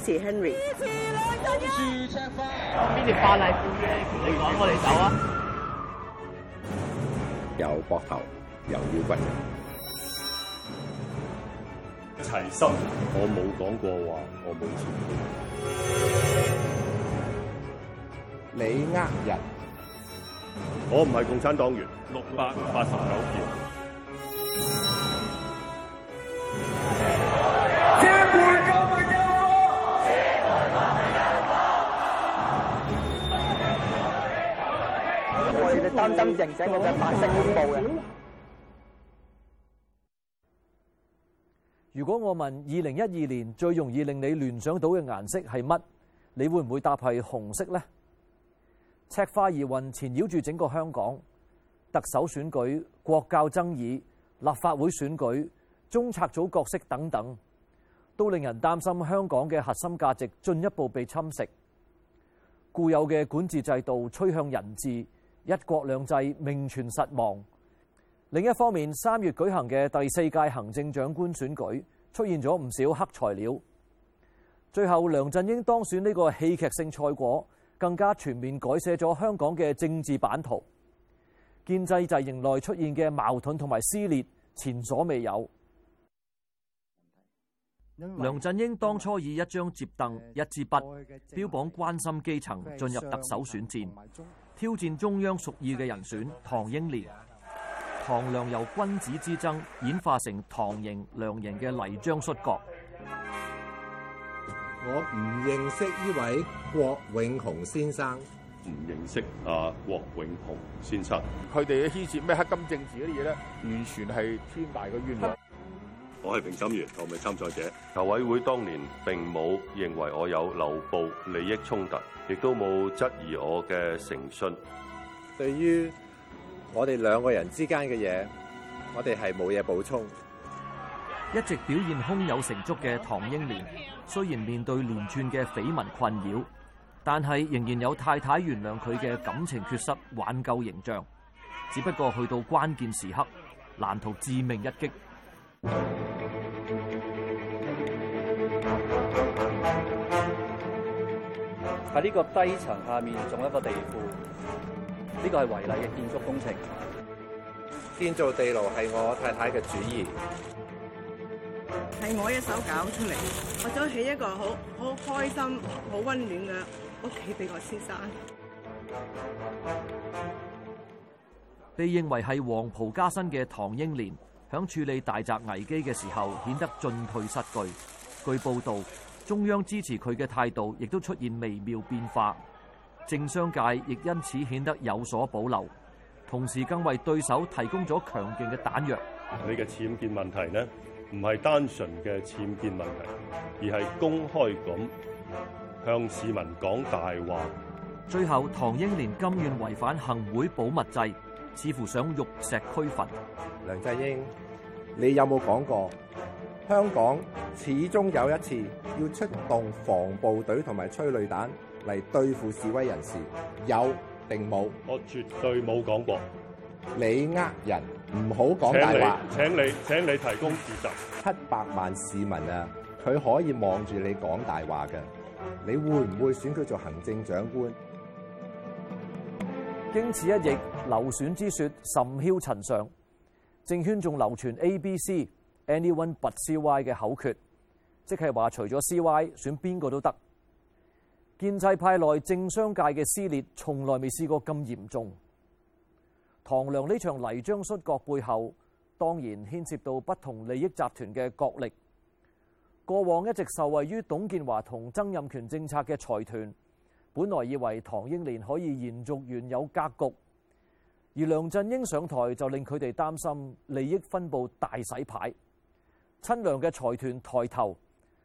是 Henry。邊啲花麗婦人嚟攔我哋走啊？又膊頭，又要腰骨齊齊心，我冇講過話，我冇錢。你呃人？我唔係共產黨員。六百八十九票。 擔如果我問二零一二年最容易令你聯想到嘅顏色係乜，你會唔會答係紅色呢？赤化疑雲纏繞住整個香港，特首選舉、國教爭議、立法會選舉、中策組角色等等，都令人擔心香港嘅核心價值進一步被侵蝕，固有嘅管治制，制度趨向人治。一國兩制名存實亡。另一方面，三月舉行嘅第四屆行政長官選舉出現咗唔少黑材料。最後，梁振英當選呢個戲劇性賽果，更加全面改寫咗香港嘅政治版圖。建制陣營內出現嘅矛盾同埋撕裂，前所未有。梁振英當初以一張摺凳、一支筆標榜關心基層，進入特首選戰。挑戰中央屬意嘅人選唐英年，唐梁由君子之爭演化成唐營、梁營嘅泥漿摔角。我唔認識呢位郭永雄先生，唔認識啊郭永雄先生。佢哋嘅牽涉咩黑金政治嗰啲嘢咧，完全係天大嘅冤案。我係評審員，同埋參賽者。籌委會當年並冇認為我有漏報利益衝突，亦都冇質疑我嘅誠信。對於我哋兩個人之間嘅嘢，我哋係冇嘢補充。一直表現胸有成竹嘅唐英年，雖然面對連串嘅緋聞困擾，但係仍然有太太原諒佢嘅感情缺失、挽救形象。只不過去到關鍵時刻，難逃致命一擊。喺呢個低層下面仲有一個地庫，呢個係違例嘅建築工程。建造地牢係我太太嘅主意，係我一手搞出嚟。我想起一個好好開心、好溫暖嘅屋企俾我先生。被認為係黃袍加身嘅唐英年，響處理大宅危機嘅時候，顯得進退失據。據報道。中央支持佢嘅態度，亦都出現微妙變化，政商界亦因此顯得有所保留，同時更為對手提供咗強勁嘅彈藥，你嘅僭建問題呢？唔係單純嘅僭建問題，而係公開咁向市民講大話，最後唐英年甘願違反行會保密制，似乎想玉石俱焚。梁振英，你有冇講過？香港始終有一次要出動防暴隊同埋催淚彈嚟對付示威人士，有定冇？我絕對冇講過。你呃人，唔好講大話。請你請你提供事實。七百萬市民啊，佢可以望住你講大話嘅，你會唔會選佢做行政長官？經此一役，流選之說甚囂塵上，政圈仲流傳 A、B、C。anyone but C Y 嘅口訣，即係話除咗 C Y，選邊個都得。建制派內政商界嘅撕裂，從來未試過咁嚴重。唐梁呢場泥漿摔角背後，當然牽涉到不同利益集團嘅角力。過往一直受惠於董建華同曾蔭權政策嘅財團，本來以為唐英年可以延續原有格局，而梁振英上台就令佢哋擔心利益分布大洗牌。親梁嘅財團抬頭，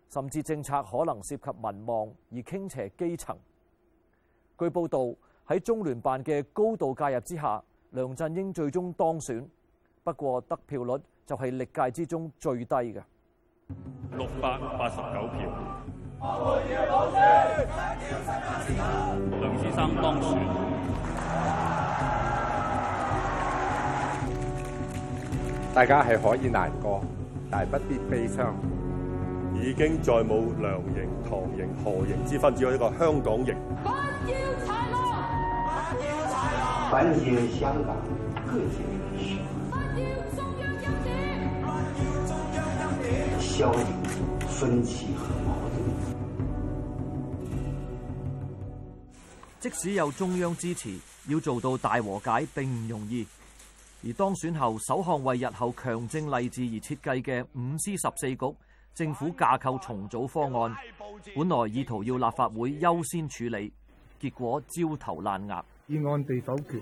甚至政策可能涉及民望而傾斜基層。據報導，喺中聯辦嘅高度介入之下，梁振英最終當選，不過得票率就係歷屆之中最低嘅，六百八十九票。我們要保持梁先生當選，大家係可以難過。大不必悲傷，已經再冇梁營、唐營、何營之分，只有一個香港營。香港各界即使有中央支持，要做到大和解，並唔容易。而當選後，首項為日後強政勵治而設計嘅五司十四局政府架構重組方案，本來意圖要立法會優先處理，結果焦頭爛額，議案被否決。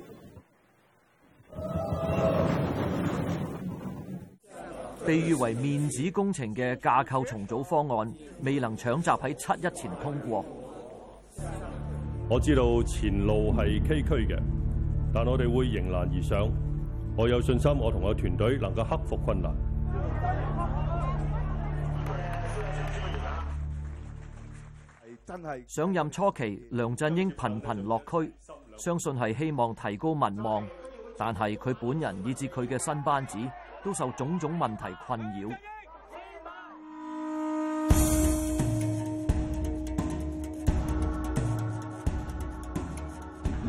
被譽為面子工程嘅架構重組方案未能搶集喺七一前通過。我知道前路係崎嶇嘅，但我哋會迎難而上。我有信心，我同我團隊能夠克服困難。上任初期，梁振英頻頻落區，相信係希望提高民望。但係佢本人以至佢嘅新班子都受種種問題困擾。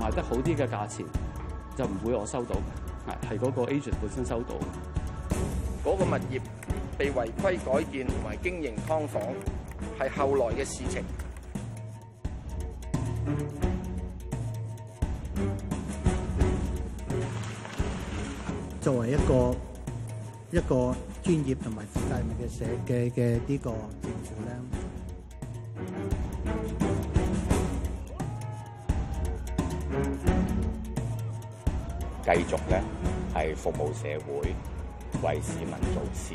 賣得好啲嘅價錢，就唔會我收到。係嗰個 agent 本身收到嗰個物業被違規改建同埋經營劏房，係後來嘅事情，作為一個一個專業同埋負責任嘅社嘅嘅呢個政府咧。繼續咧係服務社會，為市民做事，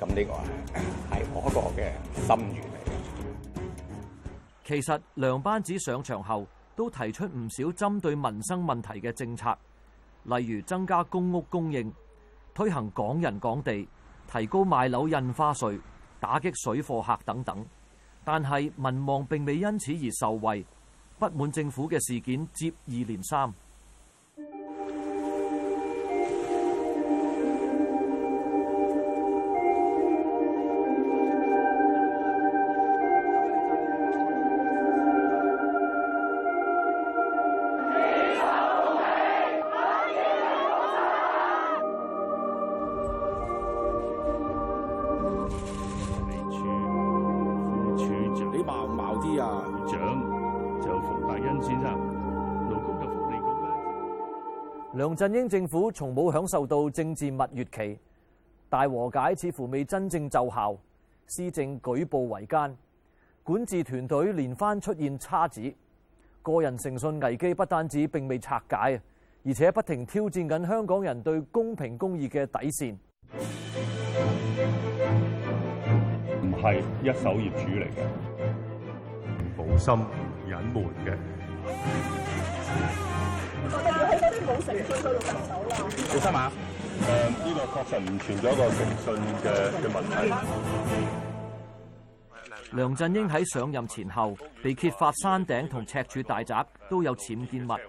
咁呢個係係我一個嘅心願嚟嘅。其實梁班子上場後都提出唔少針對民生問題嘅政策，例如增加公屋供應、推行港人港地、提高賣樓印花稅、打擊水貨客等等。但係民望並未因此而受惠，不滿政府嘅事件接二連三。梁振英政府從冇享受到政治蜜月期，大和解似乎未真正奏效，施政舉步維艱，管治團隊連番出現差子，個人誠信危機不單止並未拆解，而且不停挑戰緊香港人對公平公義嘅底線。唔係一手業主嚟嘅，保守隱瞞嘅。誒呢個確實唔存在一個誠信嘅嘅問題。梁振英喺上任前後，被揭發山頂同赤柱大宅都有僭建物。誒，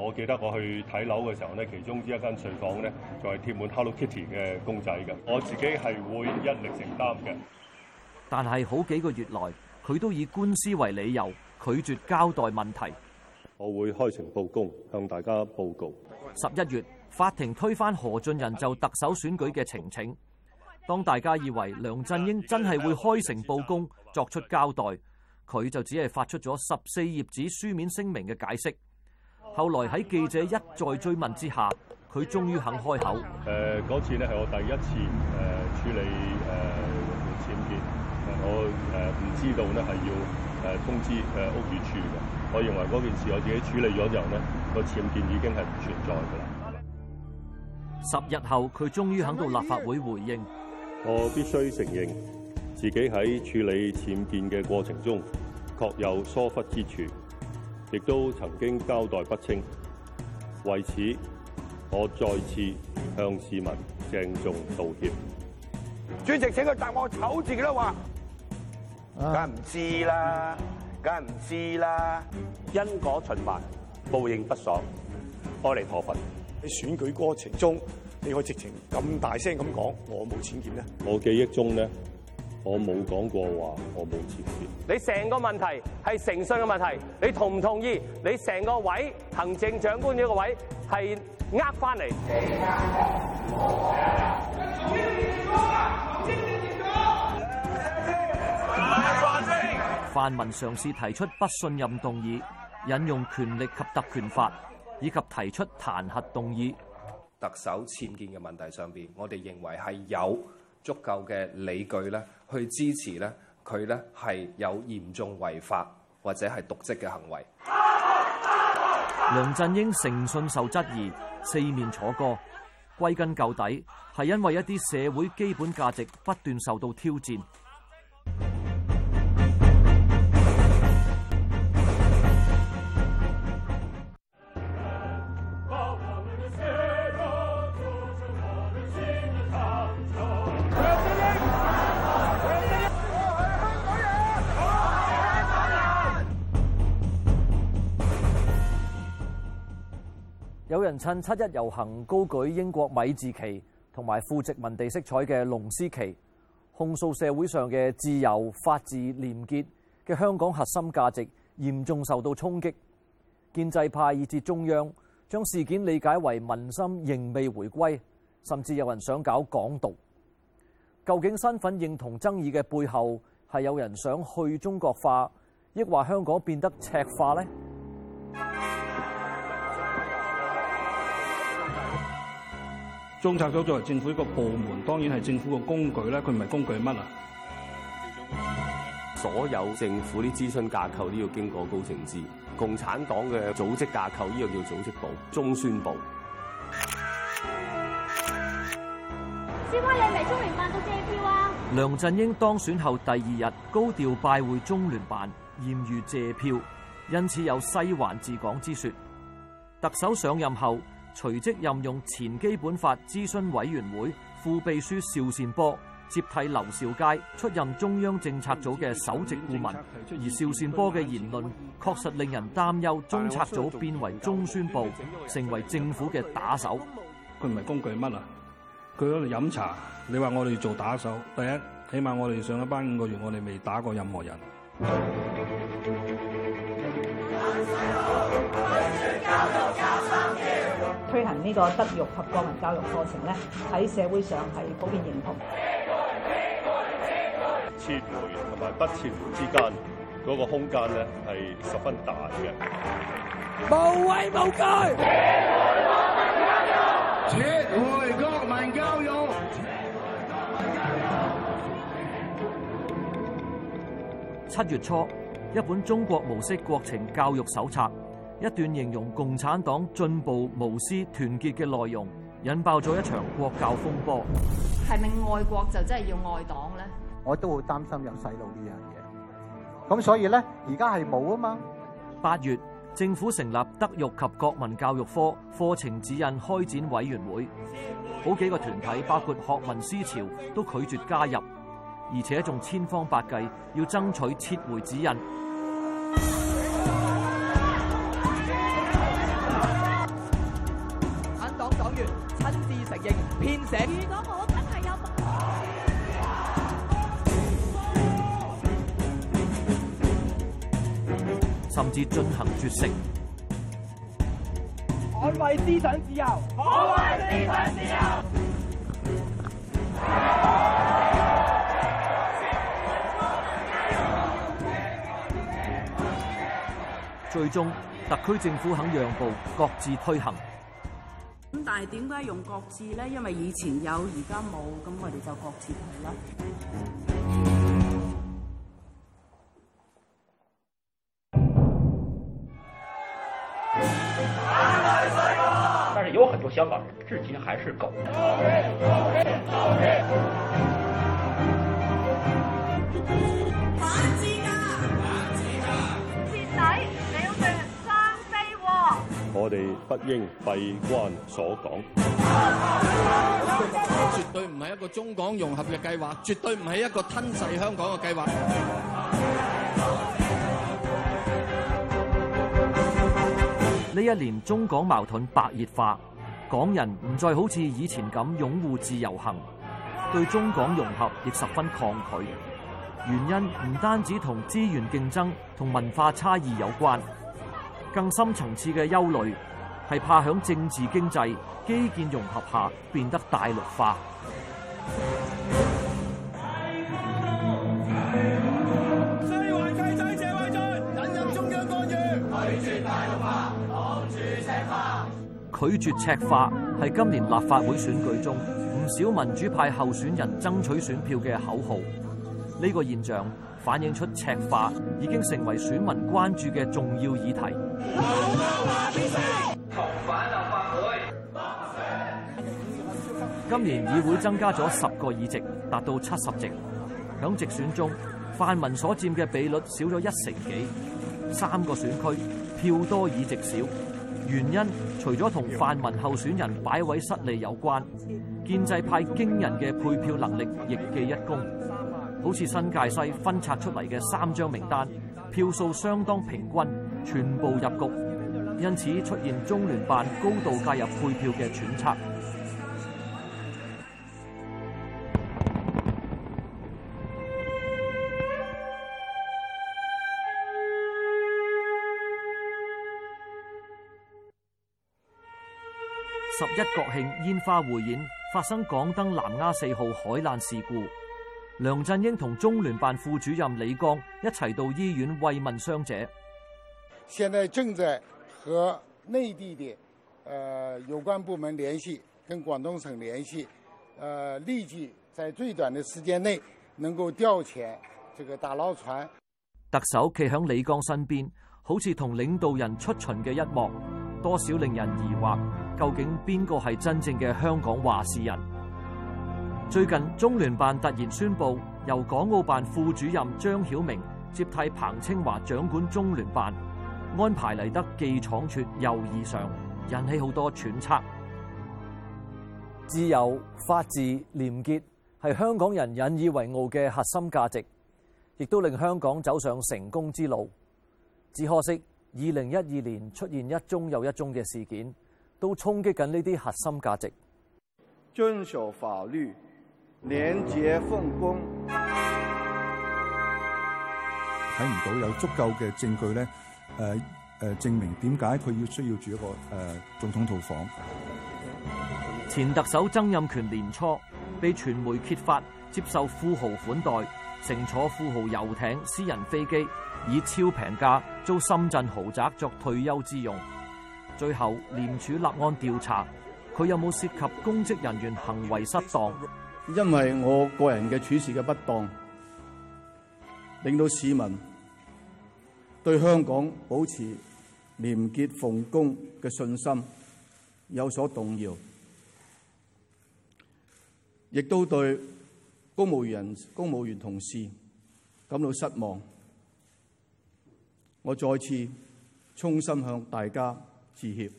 我記得我去睇樓嘅時候咧，其中之一間睡房咧，就係貼滿 Hello Kitty 嘅公仔嘅。我自己係會一力承擔嘅。但係好幾個月來，佢都以官司為理由，拒絕交代問題。我會開誠布公向大家報告。十一月，法庭推翻何俊仁就特首選舉嘅呈請。當大家以為梁振英真係會開誠布公作出交代，佢就只係發出咗十四頁紙書面聲明嘅解釋。後來喺記者一再追問之下，佢終於肯開口。誒、呃，嗰次呢係我第一次誒、呃、處理誒案件，我誒唔、呃、知道呢係要。誒、啊，通知誒、啊，屋宇署嘅，我認為嗰件事我自己處理咗後咧，個僭建已經係唔存在噶啦。十日後，佢終於響到立法會回應。我必須承認自己喺處理僭建嘅過程中，確有疏忽之處，亦都曾經交代不清。為此，我再次向市民鄭重道歉。主席請他，請佢答我醜自己啦話。梗係唔知啦，梗係唔知啦，因果循環，報應不爽，阿彌陀佛。喺選舉過程中，你可以直情咁大聲咁講，我冇僭建咧。我記憶中咧，我冇講過話我冇僭建。你成個問題係誠信嘅問題，你同唔同意？你成個位行政長官呢個位係呃翻嚟？泛民嘗試提出不信任動議，引用權力及特權法，以及提出彈劾動議。特首僭建嘅問題上邊，我哋認為係有足夠嘅理據咧，去支持咧佢咧係有嚴重違法或者係瀆職嘅行為。梁振英誠信受質疑，四面楚歌。歸根究底，係因為一啲社會基本價值不斷受到挑戰。趁七一遊行高舉英國米字旗同埋富殖民地色彩嘅龍獅旗，控訴社會上嘅自由、法治、廉潔嘅香港核心價值嚴重受到衝擊。建制派以至中央將事件理解為民心仍未回歸，甚至有人想搞港獨。究竟身份認同爭議嘅背後係有人想去中國化，抑或香港變得赤化呢？中策組作為政府一個部門，當然係政府個工具啦。佢唔係工具係乜啊？所有政府啲諮詢架構都要經過高層資。共產黨嘅組織架構，呢個叫組織部、中宣部。師兄，你嚟中聯辦到借票啊？梁振英當選後第二日高調拜會中聯辦，謠遇借票，因此有西環治港之說。特首上任後。隨即任用前基本法諮詢委員會副秘書邵善波接替劉兆佳出任中央政策組嘅首席顧問，而邵善波嘅言論確實令人擔憂，中策組變為中宣部，成為政府嘅打手。佢唔係工具乜啊？佢喺度飲茶。你話我哋要做打手，第一起碼我哋上一班五個月，我哋未打過任何人。推行呢個德育及國民教育課程咧，喺社會上係普遍認同。撤回、撤回、撤回同埋不撤回之間嗰個空間咧，係十分大嘅。無畏無懼，撤回國民教育！撤回國民教育！七月初，一本中國模式國情教育手冊。一段形容共產黨進步無私團結嘅內容，引爆咗一場國教風波。係咪愛國就真係要愛黨呢？我都會擔心有細路呢樣嘢。咁所以咧，而家係冇啊嘛。八月，政府成立德育及國民教育科課程指引開展委員會，好幾個團體包括學民思潮都拒絕加入，而且仲千方百計要爭取撤回指引。如果我真係有甚至進行絕食，捍衛思想自由，捍衛思想自由。最終，特區政府肯讓步，各自推行。但係點解用「各自」咧？因為以前有，而家冇，咁我哋就「各自」去啦。但係有很多香港人至今還是狗。我哋不應閉關鎖港，絕對唔係一個中港融合嘅計劃，絕對唔係一個吞噬香港嘅計劃。呢一年中港矛盾白熱化，港人唔再好似以前咁擁護自由行，對中港融合亦十分抗拒。原因唔單止同資源競爭、同文化差異有關。更深層次嘅憂慮係怕響政治經濟基建融合下變得大陸化。拒絕大陸化，拒絕赤化。拒絕赤化係今年立法會選舉中唔少民主派候選人爭取選票嘅口號。呢個現象反映出赤化已經成為選民。關注嘅重要議題。今年議會增加咗十個議席，達到七十席。響直選中，泛民所占嘅比率少咗一成幾。三個選區票多議席少，原因除咗同泛民候選人擺位失利有關，建制派驚人嘅配票能力亦記一功。好似新界西分拆出嚟嘅三張名單。票數相當平均，全部入局，因此出現中聯辦高度介入配票嘅揣測。十一國慶煙花匯演發生港燈南丫四號海難事故。梁振英同中聯辦副主任李剛一齊到醫院慰問傷者。現在正在和內地的，呃有關部門聯繫，跟廣東省聯繫，呃立即在最短的時間內能夠調遣這個打撈船。特首企響李剛身邊，好似同領導人出巡嘅一幕，多少令人疑惑，究竟邊個係真正嘅香港話事人？最近中聯辦突然宣布，由港澳辦副主任張曉明接替彭清華掌管中聯辦，安排嚟得既倉促又異常，引起好多揣測。自由、法治、廉潔係香港人引以為傲嘅核心價值，亦都令香港走上成功之路。只可惜，二零一二年出現一宗又一宗嘅事件，都衝擊緊呢啲核心價值。遵守法律。廉潔奉公，睇唔到有足夠嘅證據咧。誒誒，證明點解佢要需要住一個誒總統套房？前特首曾蔭權年初被傳媒揭發接受富豪款待，乘坐富豪遊艇、私人飛機，以超平價租深圳豪宅作退休之用。最後廉署立案調查，佢有冇涉及公職人員行為失當？因為我個人嘅處事嘅不當，令到市民對香港保持廉潔奉公嘅信心有所動搖，亦都對公務員、公務員同事感到失望。我再次衷心向大家致歉。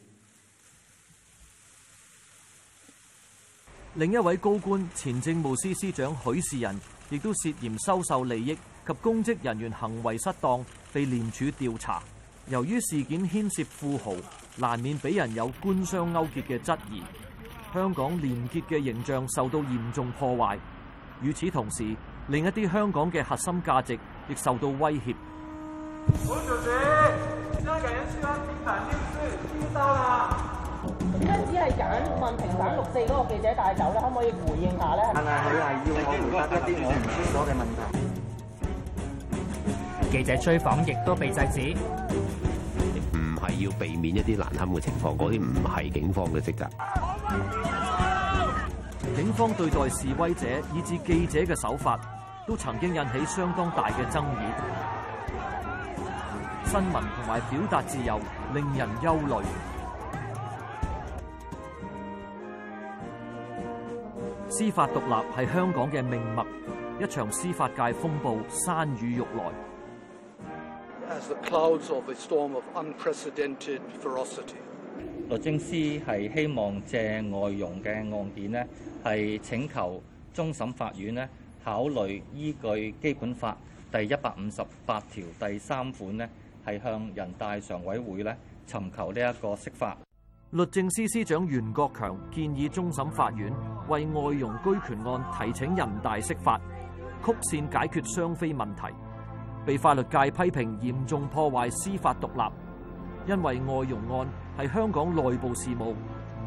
另一位高官前政務司司長許仕仁，亦都涉嫌收受利益及公職人員行為失當，被廉署調查。由於事件牽涉富豪，難免俾人有官商勾結嘅質疑，香港廉潔嘅形象受到嚴重破壞。與此同時，另一啲香港嘅核心價值亦受到威脅。只係揀問評審六四嗰個記者帶走，你可唔可以回應下咧？但係佢係要我回答一啲我唔清楚嘅問題。記者追訪亦都被制止。唔係要避免一啲難堪嘅情況，嗰啲唔係警方嘅職責。警方對待示威者以至記者嘅手法，都曾經引起相當大嘅爭議。新聞同埋表達自由令人憂慮。司法獨立係香港嘅命脈，一場司法界風暴山雨欲來。As the clouds of a storm of unprecedented ferocity. 律政司係希望借外傭嘅案件咧，係請求終審法院咧考慮依據基本法第一百五十八條第三款咧，係向人大常委會咧尋求呢一個釋法。律政司司長袁國強建議終審法院為外傭居權案提請人大釋法，曲線解決雙非問題，被法律界批評嚴重破壞司法獨立，因為外傭案係香港內部事務，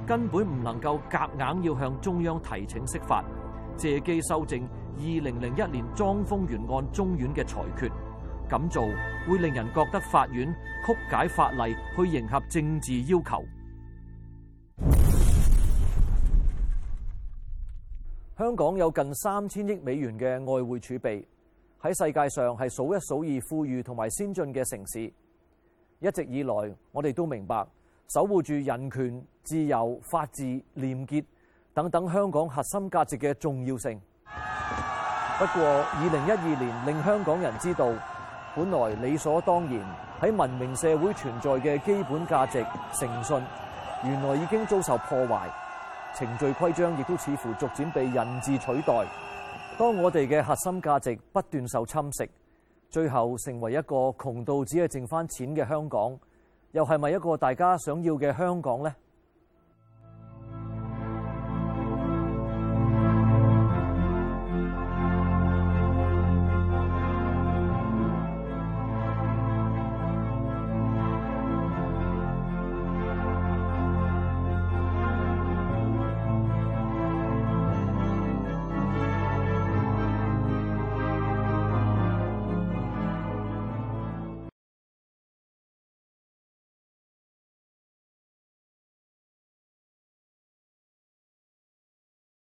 根本唔能夠夾硬要向中央提請釋法，借機修正二零零一年莊豐源案中院嘅裁決。咁做會令人覺得法院曲解法例去迎合政治要求。香港有近三千億美元嘅外匯儲備，喺世界上係數一數二富裕同埋先進嘅城市。一直以來，我哋都明白守護住人權、自由、法治、廉潔等等香港核心價值嘅重要性。不過，二零一二年令香港人知道，本來理所當然喺文明社會存在嘅基本價值誠信，原來已經遭受破壞。程序規章亦都似乎逐漸被人治取代。當我哋嘅核心價值不斷受侵蝕，最後成為一個窮到只係剩翻錢嘅香港，又係咪一個大家想要嘅香港咧？